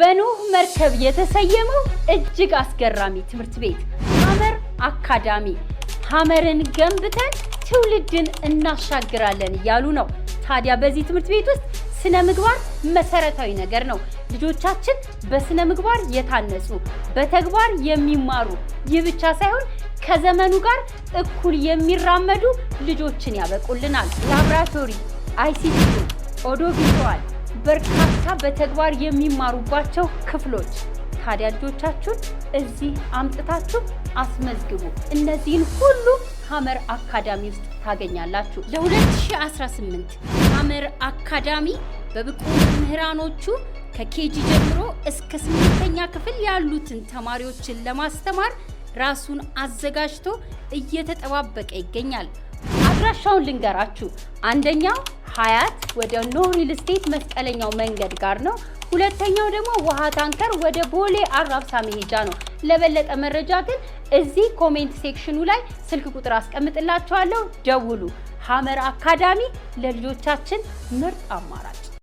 በኖህ መርከብ የተሰየመው እጅግ አስገራሚ ትምህርት ቤት ሐመር አካዳሚ ሐመርን ገንብተን ትውልድን እናሻግራለን እያሉ ነው። ታዲያ በዚህ ትምህርት ቤት ውስጥ ስነ ምግባር መሰረታዊ ነገር ነው። ልጆቻችን በስነ ምግባር የታነጹ በተግባር የሚማሩ ይህ ብቻ ሳይሆን ከዘመኑ ጋር እኩል የሚራመዱ ልጆችን ያበቁልናል። ላብራቶሪ፣ አይሲቲ፣ ኦዲዮ ቪዥዋል በርካታ በተግባር የሚማሩባቸው ክፍሎች። ታዲያ ልጆቻችሁን እዚህ አምጥታችሁ አስመዝግቡ። እነዚህን ሁሉ ሀመር አካዳሚ ውስጥ ታገኛላችሁ። ለ2018 ሀመር አካዳሚ በብቁ መምህራኖቹ ከኬጂ ጀምሮ እስከ ስምንተኛ ክፍል ያሉትን ተማሪዎችን ለማስተማር ራሱን አዘጋጅቶ እየተጠባበቀ ይገኛል። አድራሻውን ልንገራችሁ። አንደኛው ሀያት ወደ ኖ ሪል ስቴት መስቀለኛው መንገድ ጋር ነው። ሁለተኛው ደግሞ ውሃ ታንከር ወደ ቦሌ አራብሳ መሄጃ ነው። ለበለጠ መረጃ ግን እዚህ ኮሜንት ሴክሽኑ ላይ ስልክ ቁጥር አስቀምጥላችኋለሁ፣ ደውሉ። ሀመር አካዳሚ ለልጆቻችን ምርጥ አማራጭ